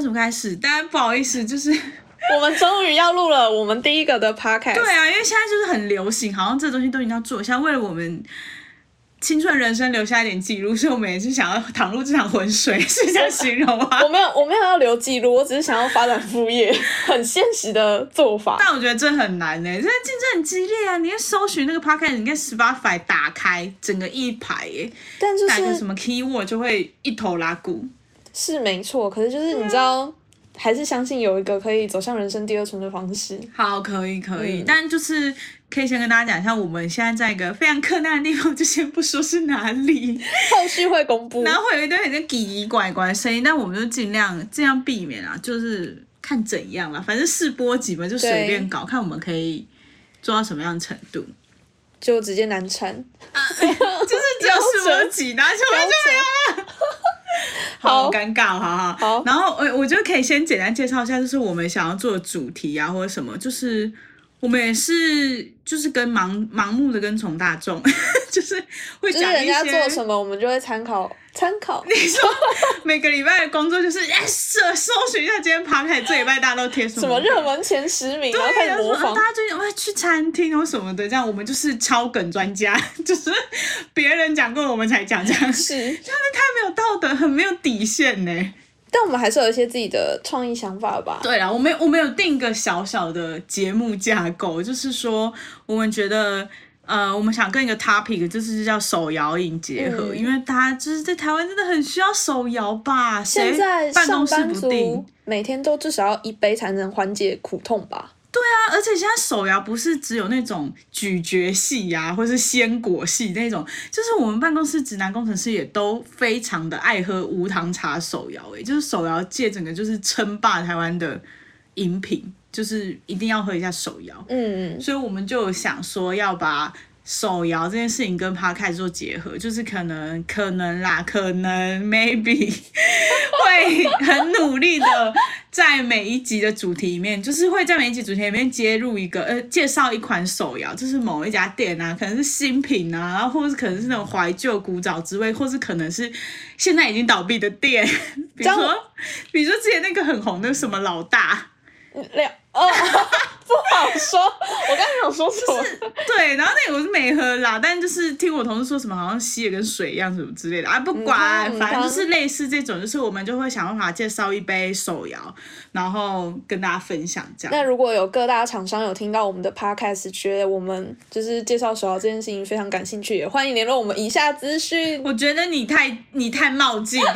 從開始，但不好意思，就是我們終於要錄了我們第一個的 podcast 對啊，因為現在就是很流行，好像這東西都一定要做，像為了我們青春人生留下一點記錄，所以我們也是想要躺入這場渾水， 是這樣形容嗎、啊？我沒有，我沒有要留記錄，我只是想要發展副業，很現實的做法。 但我覺得這很難誒、欸，現在競爭很激烈啊！你看，搜尋那個 podcast 你看十八 f 打開整個一排誒、欸，但打、就是、個什麼 keyword 就會一頭拉鼓。是沒錯，可是就是你知道，還是相信有一個可以走向人生第二春的方式。好，可以可以、嗯，但就是可以先跟大家講一下，我們現在在一個非常困難的地方，就先不說是哪裡，後續會公布。然後會有一段很奇奇怪怪的聲音，那我們就盡量這樣避免啊，就是看怎樣啦，反正試播集嘛，就隨便搞，看我們可以做到什麼樣的程度，就直接難產、啊。就是只要試播集，難產就沒有、啊。好，好尷尬，哈哈。好，然後我我覺得可以先簡單介紹一下，就是我們想要做的主題啊，或者什麼，就是。我們也是，就是跟盲盲目的跟從大眾，就是會講一些，人家做什麼，我們就會參考參考。你說每個禮拜的工作就是哎， yes, 搜搜尋一下今天爬開這禮拜大家都貼什麼熱門前十名，對，然後開模仿大家最近愛去餐廳或什麼的，這樣我們就是超梗專家，就是別人講過我們才講這樣，是，他的太沒有道德，很沒有底線呢。但我們還是有一些自己的創意想法吧。對啊，我們我們有定一個小小的節目架構，就是說，我們覺得，呃，我們想跟一個 topic，就是叫手搖飲結合，嗯，因為大家就是在台灣真的很需要手搖吧，現在辦公室不定，每天都至少要一杯才能緩解苦痛吧。對啊，而且現在手搖不是只有那種咀嚼系呀，啊，或是鮮果系那種，就是我們辦公室直男工程師也都非常的愛喝無糖茶手搖，欸，誒就是手搖界整個就是稱霸台灣的飲品，就是一定要喝一下手搖，嗯，所以我們就想說要把。手搖這件事情跟他開始做結合，就是可能可能啦，可能 maybe 會很努力的在每一集的主題裡面，就是會在每一集主題裡面接入一個呃，介紹一款手搖，就是某一家店啊，可能是新品啊，然後或是可能是那種懷舊古早之味，或是可能是現在已經倒閉的店，比如說比如說之前那個很紅的什麼老大，兩。 哦，不好說。我剛才沒有說錯，就是，對。然後那個我是沒喝啦，但就是聽我同事說什麼，好像稀的跟水一樣，什麼之類的。啊，不管，嗯嗯，反正就是類似這種，就是我們就會想辦法介紹一杯手搖，然後跟大家分享這樣。那如果有各大廠商有聽到我們的 Podcast，覺得我們就是介紹手搖這件事情非常感興趣，也歡迎聯絡我們以下資訊。我覺得你太你太冒進。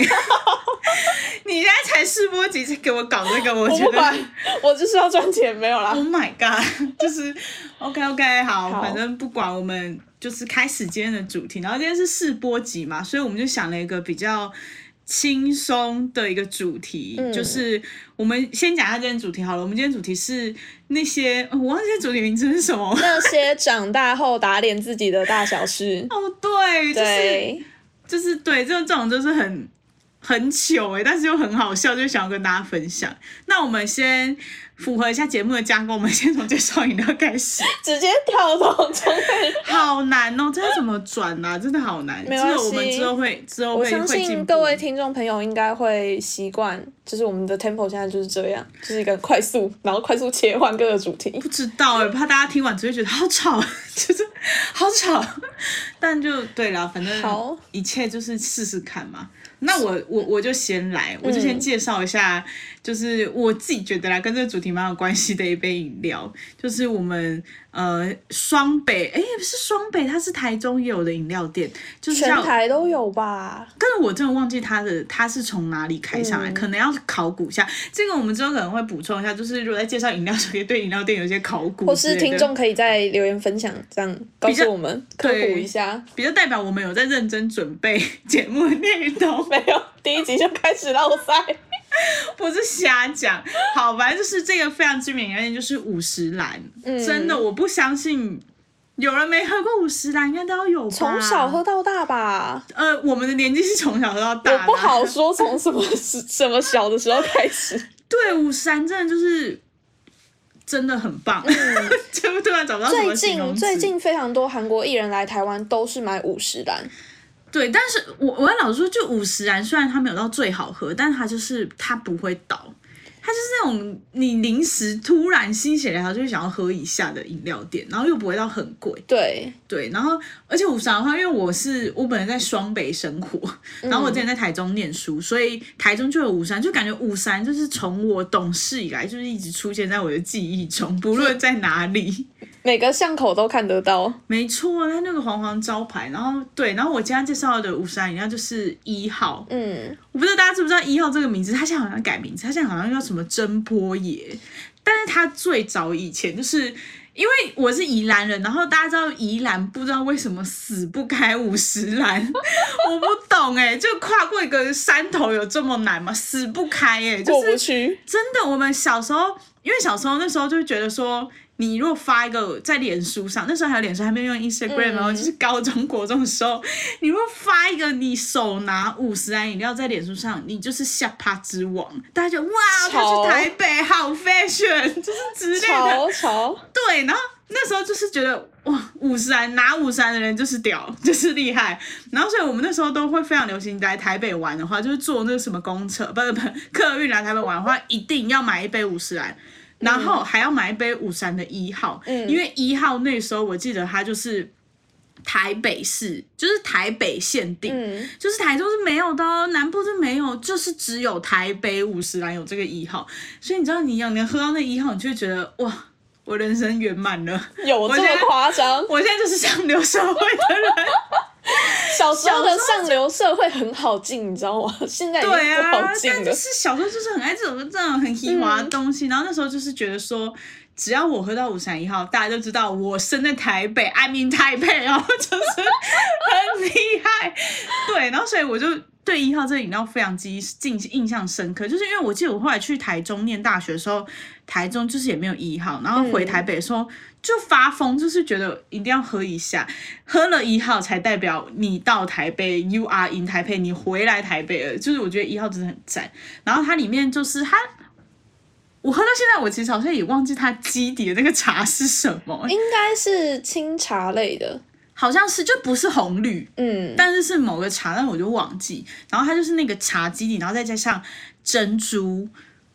你現在才試播集次給我搞這個，我不管，我覺得我就是要賺錢，沒有啦。Oh my god，就是 OK OK 好，好，反正不管我們就是開始今天的主題，然後今天是試播集嘛，所以我們就想了一個比較輕鬆的一個主題，嗯、就是我們先講一下今天主題好了。我們今天主題是那些我忘記今天主題名字是什麼，那些長大後打臉自己的大小事。 哦，對，就是對就是對，這種就是很。很糗，哎、欸，但是又很好笑，就想要跟大家分享。那我們先符合一下節目的架構，我們先從介紹飲料開始，直接跳到中間好難哦、喔！這要怎麼轉啊？真的好難。沒有關係，我們之後會之後會相信會各位聽眾朋友應該會習慣，就是我們的 tempo 現在就是這樣，就是一個快速，然後快速切換各個主題。不知道哎、欸，怕大家聽完直接覺得好吵， 就是好吵。 但就對了，反正一切就是試試看嘛。那我我我就先來，嗯、我就先介紹一下。就是我自己覺得啦，跟這個主題蠻有關係的一杯飲料，就是我們呃雙北，哎、欸，不是雙北，它是台中也有的飲料店，就是全台都有吧？但是我真的忘記它的，它是從哪裡開上來、嗯，可能要考古一下。這個我們之後可能會補充一下，就是如果在介紹飲料時，也對飲料店有一些考古。或是聽眾可以在留言分享這樣告訴我們，科普一下，比較代表我們有在認真準備節 目內內容。 沒有，第一集就開始落賽。 不是瞎講，好，反正就是這個非常知名的因，就是五十嵐、嗯，真的，我不相信有人沒喝過五十嵐，應該都要有吧，從小喝到大吧？呃，我們的年紀是從小到大，我不好說從什麼 什麼小的時候開始。 對，五十嵐真的就是真的很棒。嗯、 就突然找不到什麼形容詞。最近最近非常多韓國藝人來台灣都是買五十嵐。對，但是我我老是說，就五十嵐，雖然它沒有到最好喝，但它就是它不會倒，它就是那種你臨時突然心血來潮就會想要喝一下的飲料店，然後又不會到很貴。對對，然後而且五十嵐的話，因為我是我本來在雙北生活，然後我之前在台中念書、嗯，所以台中就有五十嵐，就感覺五十嵐就是從我懂事以來就是一直出現在我的記憶中，不論在哪裡。每個巷口都看得到，沒錯。它那個黃黃招牌，然後對，然後我今天介紹的五十嵐，人家就是一號。嗯，我不知道大家知不知道一號這個名字，他現在好像改名字，他現在好像叫什麼珍波椰。但是，他最早以前就是，因為我是宜蘭人，然後大家知道宜蘭，不知道為什麼死不開五十嵐，不 我不懂哎、欸，就跨過一個山頭有這麼難嗎？死不開哎、欸，就是、過不去。真的，我們小時候，因為小時候那時候就覺得說。你如果發一個在臉書上，那時候還有臉書，還沒用 Instagram，然後就是高中、國中的時候，嗯、你如果發一個你手拿五十嵐飲料在臉書上，你就是下趴之王，大家就哇，他去台北好 fashion，就是之類的。潮，潮對，然後那時候就是覺得哇，五十嵐拿五十嵐的人就是屌，就是厲害。然後所以我們那時候都會非常流行來台北玩的話，就是坐那個什麼公車，不不不，客運來台北玩的話，一定要買一杯五十嵐。然後還要買一杯五三的一號、嗯，因為一號那時候我記得它就是台北市，就是台北限定，嗯、就是台中是沒有的哦、啊，南部是沒有，就是只有台北五十嵐有這個一號，所以你知道你要、你要喝到那一號，你就會覺得哇，我人生圓滿了，有這麼誇張？我現在,我現在就是上流社會的人。 小時候的上流社會很好進，你知道嗎？現在不好進了。啊、但是小時候就是很愛這種這種很喜歡的東西、嗯，然後那時候就是覺得說。只要我喝到五三一號，大家就知道我生在台北，I mean 台北，然後就是很厲害，對，然後所以我就對一號這個飲料非常記憶印象深刻，就是因為我記得我後來去台中念大學的時候，台中就是也沒有一號，然後回台北的時候就發瘋，就是覺得一定要喝一下，喝了一號才代表你到台北，you are in 台北，你回來台北了，就是我覺得一號真的很讚，然後它裡面就是它。我喝到現在，我其實好像也忘記它基底的那個茶是什麼，應該是清茶類的，好像是就不是紅綠，嗯，但是是某個茶，但我就忘記，然後它就是那個茶基底，然後再加上珍珠。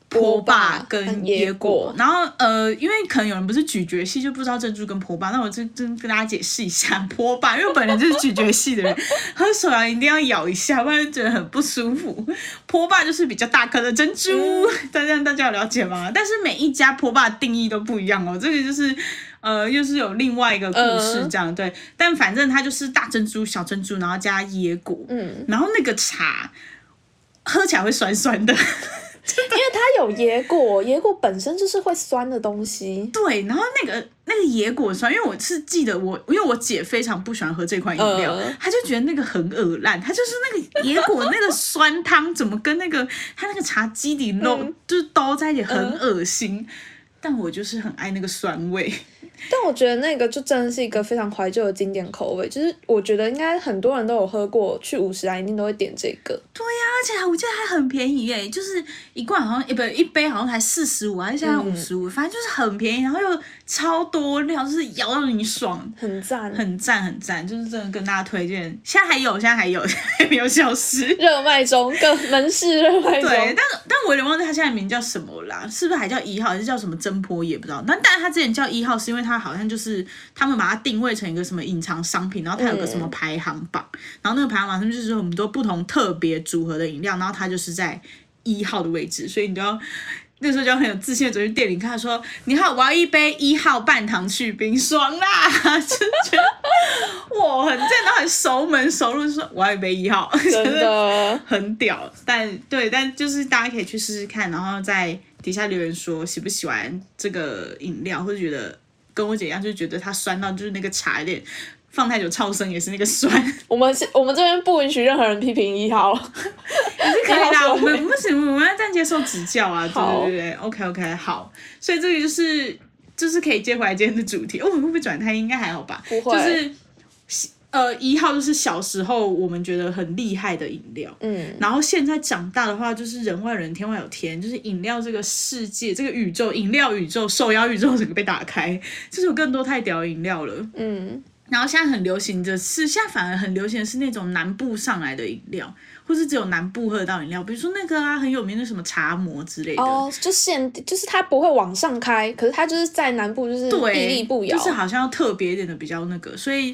波霸、霸跟椰果，然後呃，因為可能有人不是咀嚼系，就不知道珍珠跟波霸。那我就真跟大家解釋一下，波霸，因為本人就是咀嚼系的人， 喝水啊一定要咬一下，不然就覺得很不舒服。波霸就是比較大顆的珍珠，大、嗯、家大家有了解嗎？但是每一家波霸的定義都不一樣哦。這個就是呃，又、就是有另外一個故事這樣、嗯、對，但反正它就是大珍珠、小珍珠，然後加椰果，嗯，然後那個茶喝起來會酸酸的。因為它有椰果，椰果本身就是會酸的東西。 對，然後那個那個椰果酸，因為我是記得我，因為我姐非常不喜歡喝這款飲料、呃，她就覺得那個很惡爛，她就是那個椰果那個酸湯怎麼跟那個 她那個茶基底弄、嗯、就是倒在一起很噁心、呃，但我就是很愛那個酸味。但我覺得那個就真的是一個非常懷舊的經典口味，就是我覺得應該很多人都有喝過，去五十嵐一定都會點這個。對呀、啊，而且我記得還很便宜哎，就是一罐好像一杯一杯好像才四十五，現在五十五，反正就是很便宜，然後又超多料，然後就是咬到你爽，很讚，很讚很讚，就是真的跟大家推薦。現在還有，現在還有，還沒有消失，熱賣中，各門市熱賣中。對，但但我有點忘記它現在名叫什麼啦，是不是還叫一號，還是叫什麼珍波也不知道。但但是它之前叫一號是因為。因為它好像就是他們把它定位成一個什麼隱藏商品，然後它有個什麼排行榜，然後那個排行榜上面就是很多不同特別組合的飲料，然後它就是在一號的位置，所以你就要那時候就很有自信的走去店裡，看說你好，我要一杯一號半糖去冰霜啦， 就哇，很正，然後很熟門熟路，就說我要一杯一號，真的 很屌，但對，但就是大家可以去試試看，然後在底下留言說喜不喜歡這個飲料，或者覺得。跟我姐一樣，就覺得她酸到，就是那個茶葉放太久，超生，也是那個酸。我們是我們這邊不允許任何人批評一號，還 是可以的啊。 我們不行，我們要再接受指教啊，就是，對對對，OK OK，好。所以這個就是就是可以接回來今天的主題。哦，我們會不會轉台？應該還好吧，不會。就是。呃，一號就是小時候我們覺得很厲害的飲料，嗯，然後現在長大的話，就是人外人天外有天，就是飲料這個世界這個宇宙飲料宇宙受邀宇宙整個被打開，就是有更多太屌的飲料了，嗯，然後現在很流行的是現在反而很流行的是那種南部上來的飲料，或是只有南部喝得到飲料，比如說那個啊很有名的什麼茶魔之類的，哦，就現，就是它不會往上開，可是它就是在南部就是屹立不搖，對，就是好像要特別一點的比較那個，所以。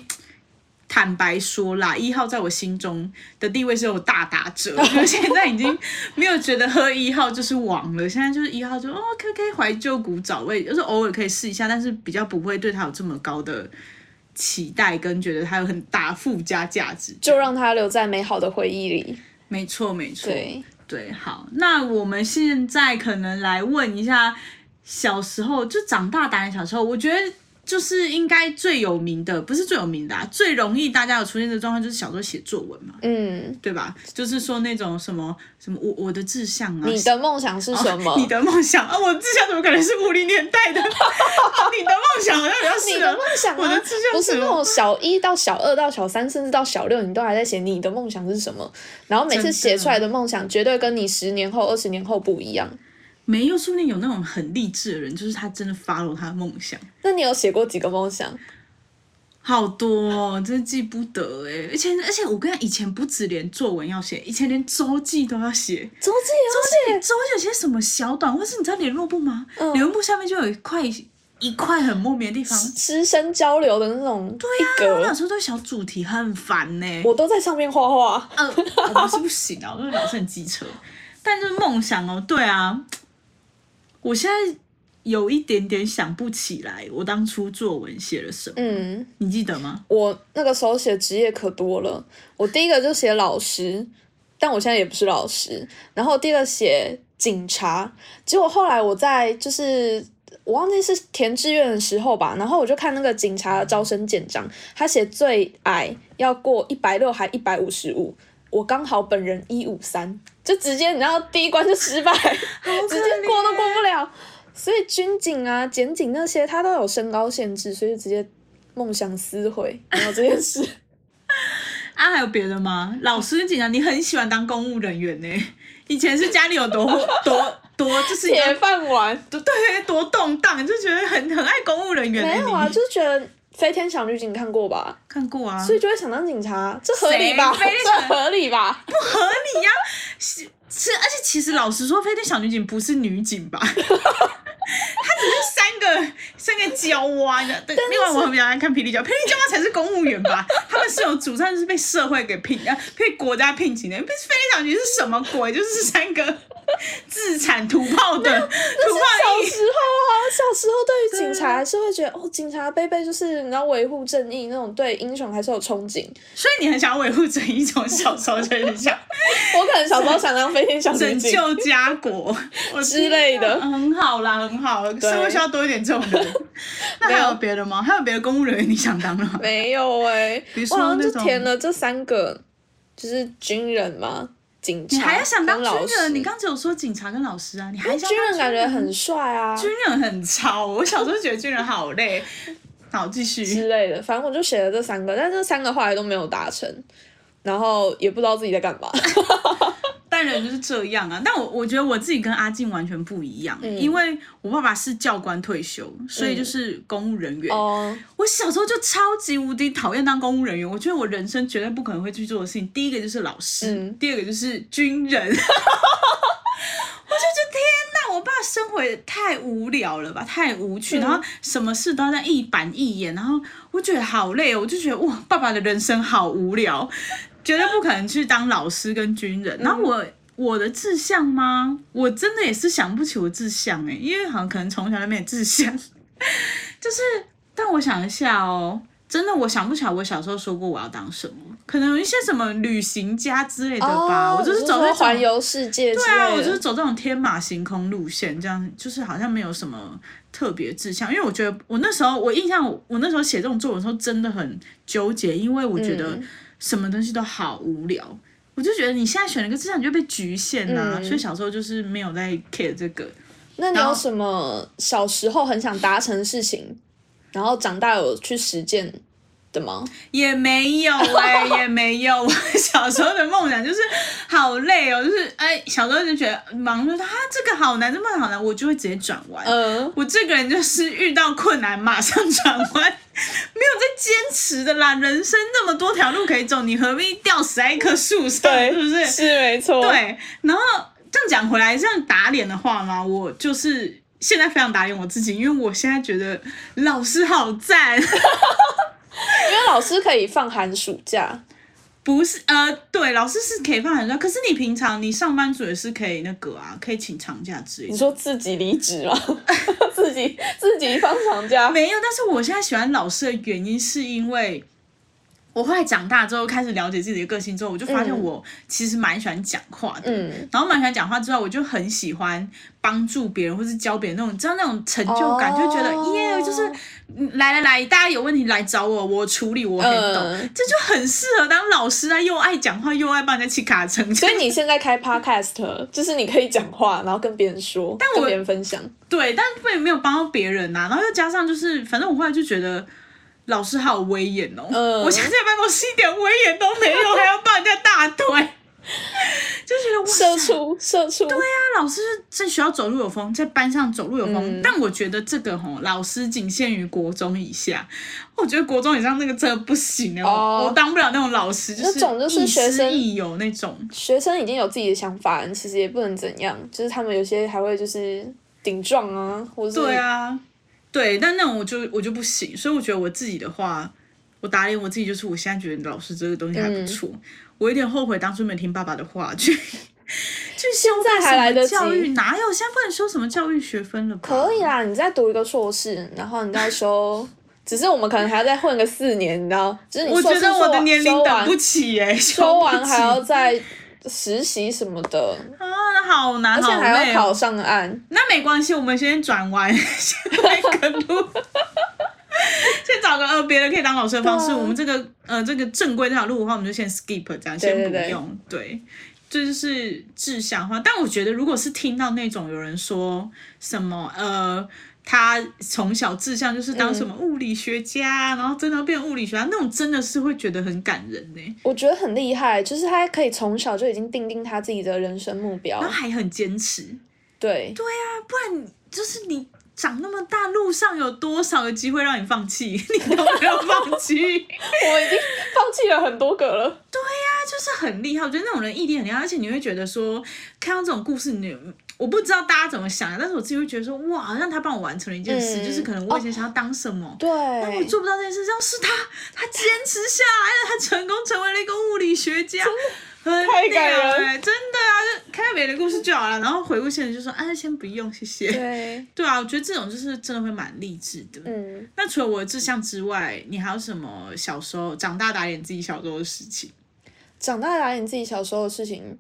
坦白說啦，一號在我心中的地位是有大打折，我 就現在已經沒有覺得喝一號就是王了。現在就是一號就哦，可以懷舊古早味，就是偶爾可以試一下，但是比較不會對它有這麼高的期待，跟覺得它有很大附加價值，就讓它留在美好的回憶裡。沒錯，沒錯，對，對。好。那我們現在可能來問一下，小時候就長大，當然小時候我覺得。就是應該最有名的，不是最有名的，啊。最容易大家有出現的狀況就是小時候寫作文嘛，嗯，對吧？就是說那種什麼什麼我我的志向啊，你的夢想是什麼？哦、你的夢想啊、哦，我的志向怎麼可能是五零年代的？ 你的夢想好像比、啊啊、你的夢想、啊，我的志向不是那種小一到小二到小三，甚至到小六，你都還在寫你的夢想是什麼？然後每次寫出來的夢想絕對跟你十年後、二十年後不一樣。沒有，說不定有那種很勵志的人，就是他真的 follow 他的夢想。那你有寫過幾個夢想？好多、哦，真記不得哎。而且而且，我跟你講以前不止連作文要寫，以前連周記都要寫。周記，記，周記，周記有些什麼小短文？或是你知道聯絡簿嗎？聯、嗯、絡簿下面就有一塊一塊很莫名的地方，師生交流的那種個。對啊，老師都有小主題很煩呢。我都在上面畫畫。嗯， 我不是不行啊，因為老是很機車。但就是夢想哦，對啊。我現在有一點點想不起來，我當初作文寫了什麼？嗯，你記得嗎？我那個時候寫職業可多了，我第一個就寫老師，但我現在也不是老師。然後第二個寫警察，結果後來我在就是我忘記是填志願的時候吧，然後我就看那個警察的招生簡章，他寫最矮要過一百六還一百五十五。我剛好本人一五三，就直接，然後第一關就失敗，直接過都過不了。所以軍警啊、檢警那些，他都有身高限制，所以就直接夢想撕毀然後這件事。啊，還有別的嗎？老師警啊，你很喜歡當公務人員呢、欸？以前是家裡有多多多，多就是鐵飯 碗，對，多動盪，就覺得很很愛公務人員、欸。沒有啊，就是、覺得。飛天小女警看過吧？看過啊，所以就會想當警察，這合理吧？飛天小女警這合理吧？不合理呀、啊！是，是而且其實老實說，飛天小女警不是女警吧？ 她只是三個三個嬌娃啊！對，另外我很比較愛看霹靂嬌，霹靂嬌娃才是公務員吧？他們是有主唱，是被社會給聘啊，被國家聘請的、欸。不是飛天小女警是什麼鬼？就是三個自產土炮的。土炮。小時候啊，小時候對，對。還是會覺得哦，警察、貝貝就是你要維護正義那種，對英雄還是有憧憬，所以你很想維護正義。從小時候就一直想，我可能小時候想當飛天小女警，拯救家國 之類的、嗯，很好啦，很好，是不是需要多一點這種人 那還有別的嗎？沒有別的嗎？還有別的公務人員你想當的嗎？沒有喂、欸，我好像就填了這三個，就是軍人嘛警察你還要想當軍，軍人？你剛才有說警察跟老師啊，你還想當軍人？軍人感覺很帥啊！軍人很潮，我小時候覺得軍人好累。 好，繼續。之類的，反正我就寫了這三個，但這三個後來都沒有達成，然後也不知道自己在幹嘛。 人就是這樣啊，但我我覺得我自己跟阿靜完全不一樣、嗯，因為我爸爸是教官退休，所以就是公務人員。嗯、我小時候就超級無敵討厭當公務人員，我覺得我人生絕對不可能會去做的事情，第一個就是老師，嗯、第二個就是軍人。 我就覺得天哪，我爸生活太無聊了吧，太無趣，嗯、然後什麼事都要在一板一眼，然後我覺得好累，我就覺得哇，爸爸的人生好無聊。絕對不可能去當老師跟軍人。嗯、然後我我的志向嗎？我真的也是想不起我志向哎，欸，因為好像可能從小就沒有志向， 就是。但我想一下哦，喔，真的，我想不起來我小時候說過我要當什麼，可能有一些什麼旅行家之類的吧。哦，我就是走在環遊世界之類的，對啊，我就是走這種天馬行空路線，這樣就是好像沒有什麼特別志向，因為我覺得我那時候我印象，我那時候寫這種作文的時候真的很糾結，因為我覺得。嗯什麼東西都好無聊，我就覺得你現在選了一個志向，你就被侷限啦，啊，嗯，所以小時候就是沒有在 care 這個。那你有什麼小時候很想達成的事情， 然後長大有去實踐？的嗎？也沒有哎、欸，也沒有。我小時候的夢想就是好累哦、喔，就是哎、欸，小時候就覺得忙就說啊，這個好難，這麼好難，我就會直接轉彎、嗯。我這個人就是遇到困難馬上轉彎，沒有在堅持的啦。人生那麼多條路可以走，你何必吊死在一棵樹上對？是不是？是沒錯。對。然後這樣講回來，這樣打臉的話嘛，我就是現在非常打臉我自己，因為我現在覺得老師好讚。 因為老師可以放寒暑假。不是呃，對，老師是可以放寒暑假，可是你平常你上班族也是可以那個啊，可以請長假之類的。你說自己離職啊， 自己自己放長假沒有？但是我現在喜歡老師的原因是因為。我後來長大之後，開始了解自己的個性之後，我就發現我其實蠻喜歡講話的。嗯、然後蠻喜歡講話之後，我就很喜歡幫助別人或是教別人那種，你知道那種成就感，哦、就覺得耶，就是來來來，大家有問題來找我，我處理，我很懂，呃、這就很適合當老師啊。又愛講話又愛幫人家去卡成，所以你現在開 Podcast 就是你可以講話，然後跟別人說，但我別人分享。對，但不也沒有幫到別人吶、啊。然後又加上就是，反正我後來就覺得。老師好威嚴哦、呃！我現在在辦公室一點威嚴都沒有， 還要抱人家大腿， 就覺得哇塞社畜、社畜。對呀、啊，老師是在學校走路有風，在班上走路有風。嗯、但我覺得這個吼，老師僅限於國中以下。我覺得國中以上那個真的不行哦，我當不了那種老師，那種就是學生一、就是、有那種學生已經有自己的想法、嗯，其實也不能怎樣，就是他們有些還會就是頂撞啊，或者對啊。對，但那種我就我就不行，所以我覺得我自己的話，我打臉我自己，就是我現在覺得老師這個東西還不錯，嗯、我有點後悔當初沒聽爸爸的話去。現在還來得及？教育，哪有現在不能修什麼教育學分了吧？可以啦，你再讀一個碩士，然後你再修， 只是我們可能還要再混個四年，你知道？就是、你說我覺得我的年齡等不起誒、欸、說，說，說完還要再。實習什麼的啊，好難好累哦！而且還要考上岸，那沒關係，我們先轉彎，先改個路， 先找個呃別的可以當老師的方式。我們這個呃這個正規這條路的話，我們就先 skip 這樣，對對對先不用。對，這就是志向的話。但我覺得，如果是聽到那種有人說什麼呃。他從小志向就是當什麼物理學家，嗯、然後真的變物理學家，那種真的是會覺得很感人呢。我覺得很厲害，就是他可以從小就已經訂定他自己的人生目標，然後還很堅持。對對啊，不然就是你長那麼大，路上有多少的機會讓你放棄，你都沒有放棄。 我已經放棄了很多個了。對呀、啊，就是很厲害。我覺得那種人毅力很厲害，而且你會覺得說，看到這種故事你。我不知道大家怎麼想，但是我自己會覺得說，哇，好像他幫我完成了一件事，嗯，就是可能我以前想要當什麼，哦，對，但我做不到這件事，像是他，他堅持下來了，他成功成為了一個物理學家，很太感人真的啊，就看到別人的故事就好了。然後回過頭來就說，哎，啊，先不用，謝謝。對，對啊，我覺得這種就是真的會蠻勵志的。嗯，那除了我的志向之外，你還有什麼小時候長大打臉自己小時候的事情？長大打臉自己小時候的事情。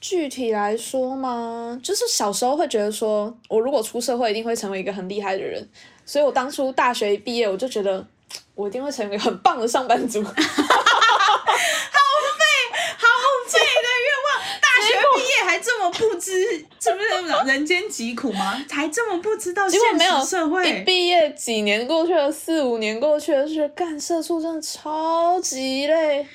具體來說嘛，就是小時候會覺得說，我如果出社會一定會成為一個很厲害的人，所以我當初大學一畢業我就覺得，我一定會成為一個很棒的上班族。 好廢，好廢的願望，大學畢業還這麼不知，是 不是人間疾苦嗎？才這麼不知道現實社會。畢業幾年過去了，四五年過去了，是幹社畜真的超級累。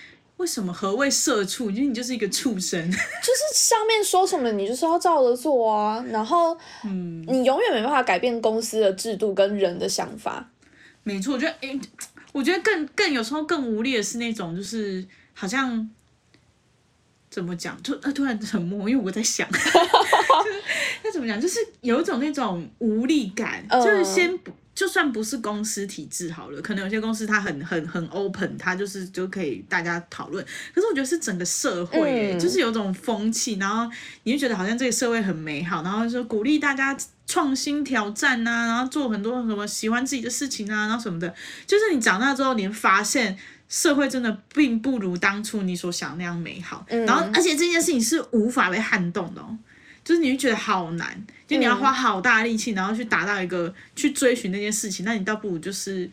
為什麼？何為社畜？因為你就是一個畜生，就是上面說什麼你就是要照着做啊。然後，嗯，你永遠沒辦法改變公司的制度跟人的想法。沒錯，我覺得，哎、欸，我覺得更更有時候更無力的是那種，就是好像怎麼講、啊，突然沉默，因為我在想， 就是那怎麼講，就是有一種那種無力感，嗯、就是先不。就算不是公司體制好了，可能有些公司它很很很 open，它就是就可以大家討論。可是我覺得是整個社會、嗯、就是有種風氣，然後你就覺得好像這個社會很美好，然後說鼓勵大家創新挑戰啊，然後做很多什麼喜歡自己的事情啊，然後什麼的。就是你長大之後，你會發現社會真的並不如當初你所想那樣美好。嗯、然後，而且這件事情是無法被撼動的、哦，就是你會覺得好難。就你要花好大力氣，然後去達到一個去追尋那件事情，那你倒不如就是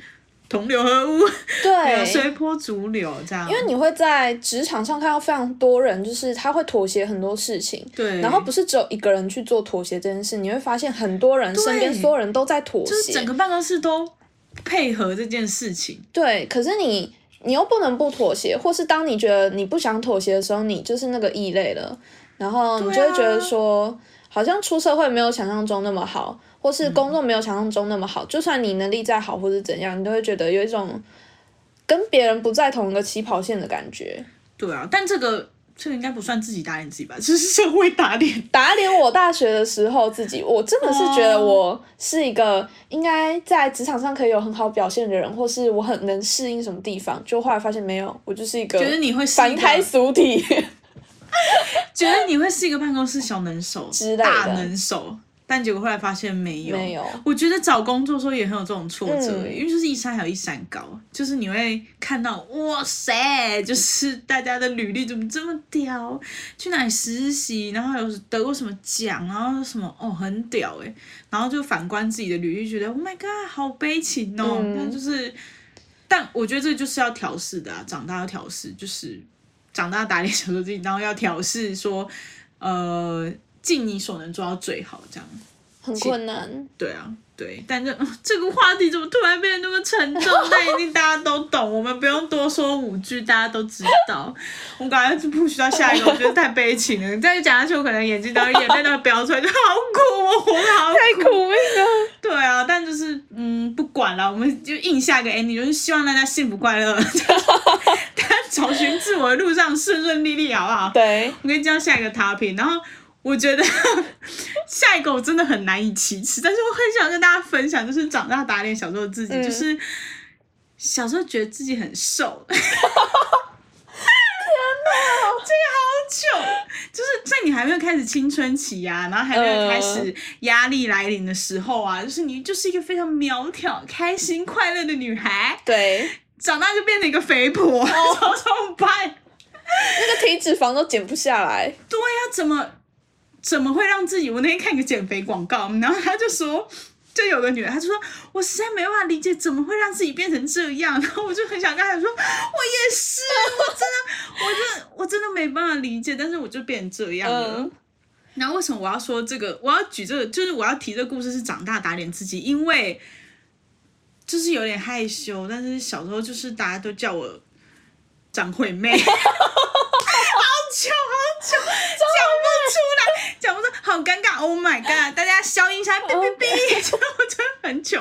同流合污，對，隨 波逐流這樣。因為你會在職場上看到非常多人，就是他會妥協很多事情，對。然後不是只有一個人去做妥協這件事，你會發現很多人身邊所有人都在妥協，就是整個辦公室都配合這件事情。對，可是你你又不能不妥協，或是當你覺得你不想妥協的時候，你就是那個異類了。然後你就會覺得說，啊、好像出社會沒有想象中那麼好，或是工作沒有想象中那麼好，嗯。就算你能力再好，或是怎樣，你都會覺得有一種跟別人不在同一個起跑線的感覺。對啊，但這個這個應該不算自己打臉自己吧，就是社會打臉。打臉我大學的時候自己，我真的是覺得我是一個應該在職場上可以有很好表現的人，或是我很能適應什麼地方。就後來發現沒有，我就是一個凡胎俗體。就是 覺得你會是一個辦公室小能手、大能手，但結果後來發現沒有。沒有。我覺得找工作的時候也很有這種挫折、嗯，因為就是一山還有一山高，就是你會看到哇塞，就是大家的履歷怎麼這麼屌？去哪裡實習，然後有得過什麼獎，然後什麼哦很屌哎，然後就反觀自己的履歷，覺得 Oh my god，好悲情哦、嗯。但就是，但我覺得這就是要調適的啊，長大要調適，就是。長大打臉小說自己然後要調試，說，呃，盡你所能做到最好，這樣很困難。對啊。對，但就這個話題怎麼突然變得那麼沉重？ 但一定大家都懂，我們不用多說五句，大家都知道。我感覺是不需要下一個，我覺得太悲情了。再講下去，我可能眼睛都要眼淚都要飆出來，就好苦，哦，我好苦太苦。對啊，但就是嗯，不管了，我們就硬下一個 ending、欸、就是希望大家幸福快樂，大 家 找尋自我的路上順順利利，好不好？對，我跟你講下一個 topic，然後。我覺得下一個我真的很難以啟齒，但是我很想跟大家分享，就是長大打臉小時候的自己、嗯，就是小時候覺得自己很瘦，哦、天哪，這 個好糗，就是在你還沒有開始青春期呀、啊，然後還沒有開始壓力來臨的時候啊、呃，就是你就是一個非常苗條、開心、快樂的女孩，對，長大就變成一個肥婆，好重、哦、拍，那個體脂肪都減不下來，對呀、啊，怎麼？怎麼會讓自己？我那天看一個減肥廣告，然後他就說，就有個女的，他就說，我實在沒辦法理解怎麼會讓自己變成這樣。然後我就很想跟他說，我也是，我真的，我真的，我真的沒辦法理解，但是我就變成這樣了。Oh. 然後為什麼我要說這個？我要舉這個，就是我要提這個故事是長大打臉自己，因為就是有點害羞，但是小時候就是大家都叫我張惠妹。Oh. 好醜，好久講不出來，講不出，好尷尬。Oh my god！大家消音一下，嗶嗶嗶。我真的很糗，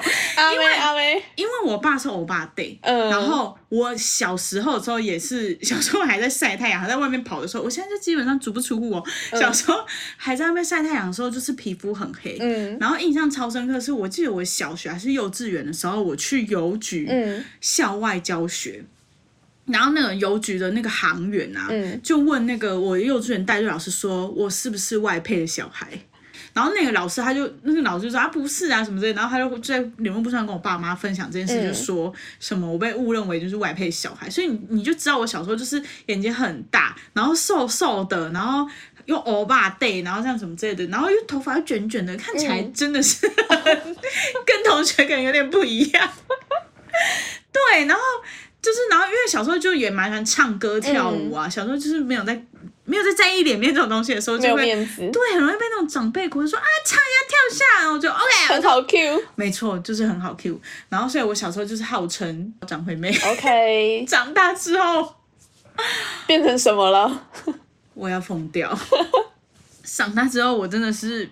因為阿威，因為我爸是歐巴對。然後我小時候的時候也是，小時候還在曬太陽，還在外面跑的時候，我現在就基本上足不出戶，喔。小時候還在外面曬太陽的時候，就是皮膚很黑，然後印象超深刻是，我記得我小學還是幼稚園的時候，我去郵局，校外教學。然後那個郵局的那個行員啊，嗯、就問那個我幼稚園帶隊老師說，我是不是外配的小孩？然後那個老師他就那個老師就說，不是啊什麼之類，然後他就在聯絡簿上跟我爸媽分享這件事，就說什麼我被誤認為就是外配小孩。嗯、所以你你就知道我小時候就是眼睛很大，然後瘦瘦的，然後用歐巴戴，然後這樣什麼之類的，然後又頭髮又卷卷的，看起來真的是、嗯、跟同學感覺有點不一樣。 對，然後。就是，然後因為小時候就也蠻喜歡唱歌跳舞啊、嗯。小時候就是沒有在沒有在在意臉面這種東西的時候，就會有面子對，很容易被那種長輩鼓勵說啊，唱呀跳下，然後就 OK 很好 Q、啊。沒錯，就是很好 Q。然後所以，我小時候就是號稱長會美。OK， 長大之後變成什麼了？我要瘋掉！長 大之後，我真的是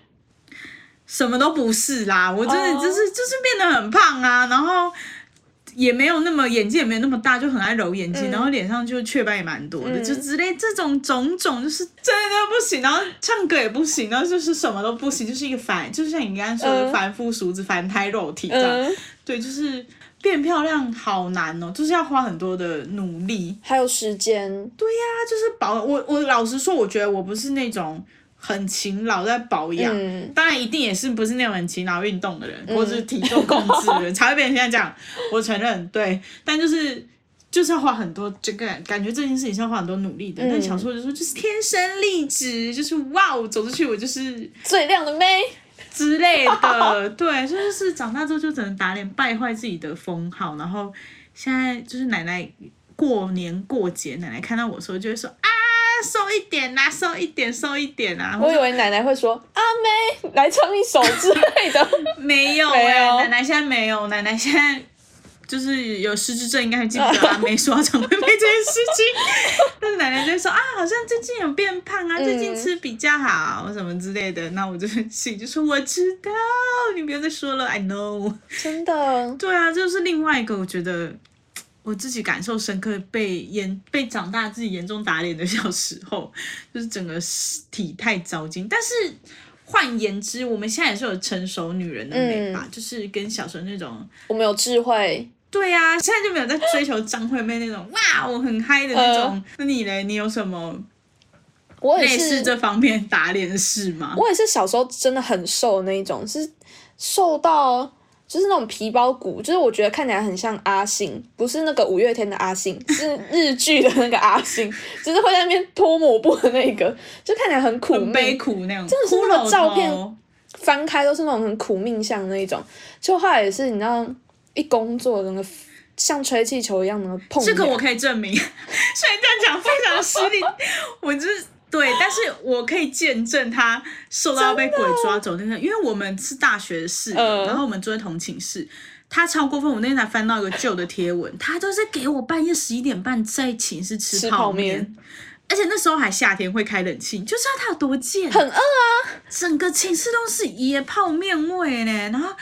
什麼都不是啦。我真的就是、oh. 就是變得很胖啊，然後。也沒有那麼，眼睛也沒有那麼大，就很愛揉眼睛，嗯、然後臉上就雀斑也蠻多的、嗯，就之類這種種種，就是真的不行，然後唱歌也不行，然後就是什麼都不行，就是一個凡，就是像你剛剛說的凡夫俗子、嗯、凡胎肉體這樣、嗯，對，就是變漂亮好難哦、喔，就是要花很多的努力，還有時間。對呀、啊，就是保我我老實說，我覺得我不是那種。很勤勞在保養、嗯，當然一定也是不是那種很勤勞運動的人、嗯，或是體重控制的人、嗯、 才會變成現在這樣。我承認對，但就是就是要花很多，這個感覺這件事情是要花很多努力的。嗯、但小時候就說就是天生麗質，就是哇哦，我走出去我就是最靚的妹之類的，對，就是長大之後就只能打臉敗壞自己的封號。然後現在就是奶奶過年過節，奶奶看到我的時候就會說。那瘦一點啦、啊，瘦一點，瘦一點啦、啊！我以為奶奶會說阿、啊、妹來唱一首之類的， 沒有、欸，哎，奶奶現在沒有，奶奶現在就是有失智症，應該還記不得阿妹 說唱妹妹這件事情。 但是奶奶就說 啊，好像最近有變胖啊，最近吃比較好、嗯、什麼之類的。那我就心裡就說，我知道，你不要再說了，I know。真的？ 對啊，就是另外一個，我覺得。我自己感受深刻被，被嚴被長大自己嚴重打臉的小時候，就是整個體態著急。但是換言之，我們現在也是有成熟女人的美吧、嗯，就是跟小時候那種。我們有智慧。對呀、啊，現在就沒有在追求張惠妹那種哇，我很嗨的那種。呃、那你嘞？你有什麼？我也是這方面打臉的事嗎？我也是小時候真的很瘦的那一種，是瘦到。就是那種皮包骨，就是我覺得看起來很像阿信，不是那個五月天的阿信，是日劇的那個阿信，就 是會在那邊脫抹布的那個，就看起來很苦，很悲苦那種。真的是，他的照片翻開都是那種很苦命相那一種。就後來也是，你知道，一工作真的、那個、像吹氣球一樣的碰。這個我可以證明， 所以這樣講非常的失禮，我就是。對，但是我可以見證他瘦到被鬼抓走的那個，因為我們是大學室友、嗯，然後我們住在同寢室，他超過分。我那天才翻到一個舊的貼文，他都是給我半夜十一點半在寢室吃泡麵，而且那時候還夏天會開冷氣，就知道他有多賤。很餓啊，整個寢室都是野泡麵味呢，然後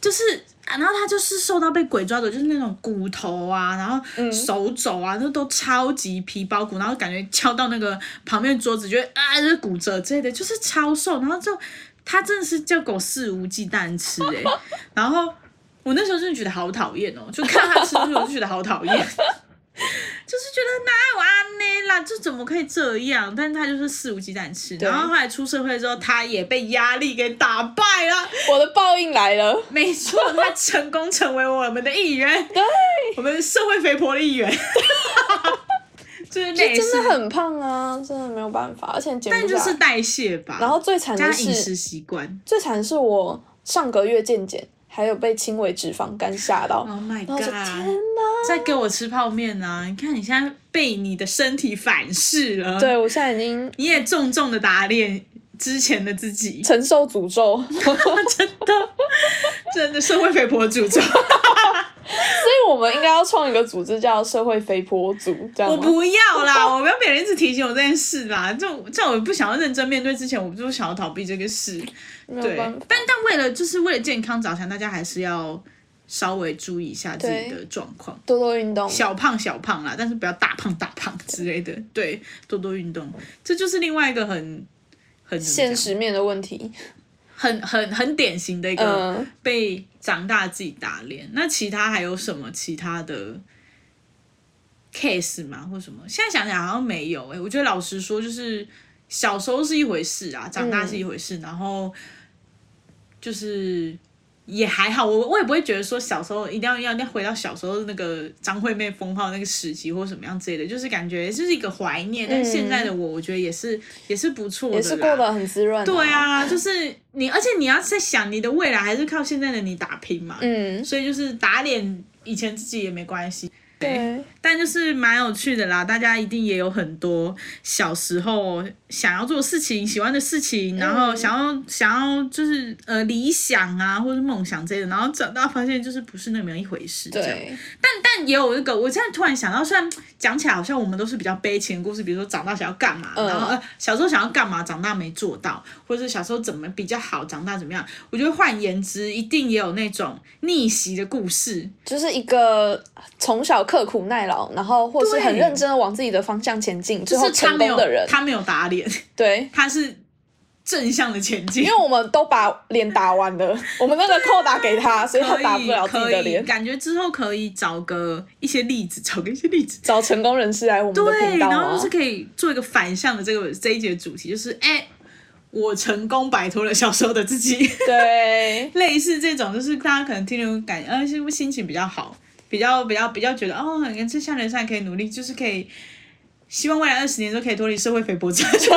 就是。啊，然後他就是瘦到被鬼抓走，就是那種骨頭啊，然後手肘啊，那、嗯、都超級皮包骨，然後感覺敲到那個旁邊桌子，就會啊，就是骨折之類的，就是超瘦。然後就他真的是叫狗肆無忌憚吃誒 然後我那時候真的覺得好討厭哦，就看他吃的時候就覺得好討厭。 就是覺得哪有啊？呢啦，這怎麼可以這樣？但是他就是肆無忌憚吃，然後後來出社會之後，他也被壓力給打敗了。我的報應來了，沒錯，他成功成為我們的一員，對， 我們社會肥婆的一員，對 就是就真的很胖啊，真的沒有辦法。而且減肥但就是代謝吧，然後最慘的是飲食習慣，最慘的是我上個月漸漸。還有被輕微脂肪肝嚇到，哦、oh、my god！天、oh、哪，再給我吃泡麵呢、啊？你看你現在被你的身體反噬了，對，我現在已經你也重重的打臉之前的自己，承受詛咒 真，真的真的社會肥婆詛咒。我們應該要創一個組織，叫“社會肥婆組”。這樣我不要啦， 我不要別人一直提醒我這件事啦。就在我不想要認真面對之前，我就是想要逃避這個事。對，但但為了就是為了健康着想，大家還是要稍微注意一下自己的狀況，多多運動。小胖小胖啦，但是不要大胖大胖之類的。對，對多多運動，這就是另外一個很很現實面的問題。很很很典型的一個被長大的自己打臉，uh, 那其他還有什麼其他的 case 嗎？或什麼？現在想想好像沒有哎、欸，我覺得老實說，就是小時候是一回事啊，長大是一回事，嗯、然後就是。也還好，我我也不會覺得說小時候一定要要要回到小時候那個張惠妹封號那個時期或什麼樣之類的，就是感覺就是一個懷念。嗯。但現在的我，我覺得也是也是不錯的。也是過得很滋潤。哦。對啊，就是你，而且你要在想，你的未來還是靠現在的你打拼嘛。嗯。所以就是打臉以前自己也沒關係。對。但就是蠻有趣的啦，大家一定也有很多小時候。想要做事情，喜歡的事情，然後想要、嗯、想要就是呃理想啊，或者夢想之類的，然後長大發現就是不是那麼一回事。對。但但也有一個，我現在突然想到，雖然講起來好像我們都是比較悲情的故事，比如說長大想要幹嘛、嗯，然後呃小時候想要幹嘛，長大沒做到，或者小時候怎麼比較好，長大怎麼樣。我覺得換言之，一定也有那種逆襲的故事，就是一個從小刻苦耐勞，然後或是很認真地往自己的方向前進，最後成功的人。就是、他，沒有，他沒有打理。對，他是正向的前進，因為我們都把臉打完了、 啊，我們那個扣打給他，所以他打不了他的臉。感覺之後可以找個一些例子，找個一些例子，找成功人士來我們的頻道、啊、對，然後就是可以做一個反向的這個這一集主題，就是哎、欸，我成功擺脫了小時候的自己。 對，類似這種，就是大家可能聽了感覺，嗯、呃，是不是心情比較好，比較比較比較覺得哦，你這下輪上可以努力，就是可以。希望未來二十年都可以脫離社會肥婆這種詞、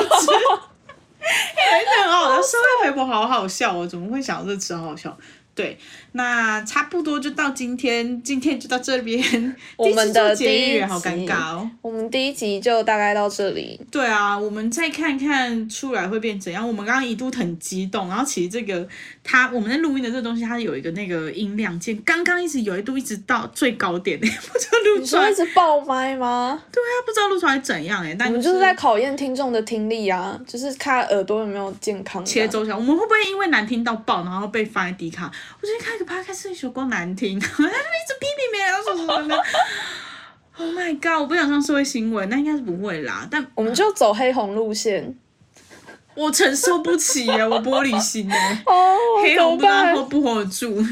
哎，也難熬的。社會肥婆好好笑哦，怎麼會想到這詞？好好笑，對。那差不多就到今天，今天就到這邊。我們的結局 好尷尬哦。我們第一集就大概到這裡。對啊，我們再看看出來會變怎樣。我們剛剛一度很激動，然後其實這個它我們在錄音的這個東西，它有一個那個音量鍵，剛剛一直有一度一直到最高點 不知道錄出來。你說一直爆麥嗎？對啊，不知道錄出來怎樣誒、欸就是。我們就是在考驗聽眾的聽力啊，就是看耳朵有沒有健康。切周翔，我們會不會因為難聽到爆，然後被發迪卡？我先看。個扒開是一首歌難聽，他就一直批評別人什麼的。Oh my God！我不想上社會新聞，那應該是不會啦。但我們就走黑紅路線，我承受不起耶，我玻璃心耶 哦，哦，哦，黑紅不知道 hold 不 hold 住，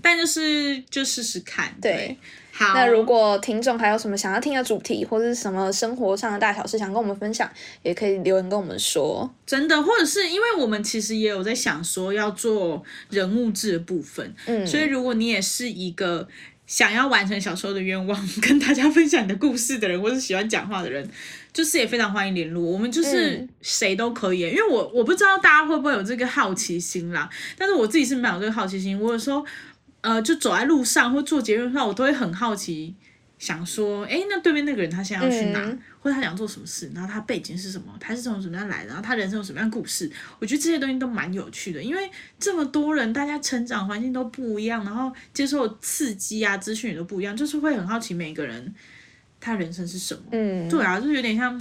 但就是就試試看，對。好，那如果聽眾還有什麼想要聽的主題，或者是什麼生活上的大小事想跟我們分享，也可以留言跟我們說。真的，或者是因為我們其實也有在想說要做人物誌的部分，嗯，所以如果你也是一個想要完成小時候的願望， 跟大家分享你的故事的人，或是喜歡講話的人，就是也非常歡迎聯絡我們，就是誰都可以，嗯，因為我我不知道大家會不會有這個好奇心啦，但是我自己是沒有這個好奇心，我有時候。呃，就走在路上或做節目的話，我都會很好奇，想說，哎、欸，那對面那個人他現在要去哪，嗯、或者他想做什麼事，然後他背景是什麼，他是從什麼樣來的，然後他人生有什麼樣的故事？我覺得這些東西都蠻有趣的，因為這麼多人，大家成長環境都不一樣，然後接受刺激啊、資訊也都不一樣，就是會很好奇每個人他人生是什麼、嗯。對啊，就有點像。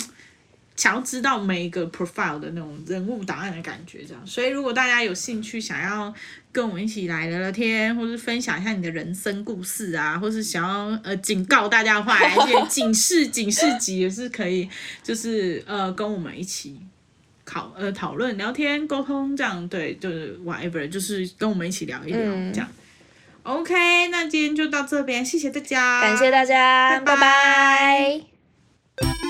想要知道每一個 profile 的那種人物檔案的感覺，這樣。所以如果大家有興趣，想要跟我們一起來聊聊天，或者是分享一下你的人生故事啊，或是想要呃警告大家的話，而且警示、 警示級也是可以，就是呃跟我們一起討呃討論、聊天、溝通這樣。對，就是 whatever，就是跟我們一起聊一聊。嗯、這樣。OK，那今天就到這邊，謝謝大家，感謝大家，拜拜。Bye bye。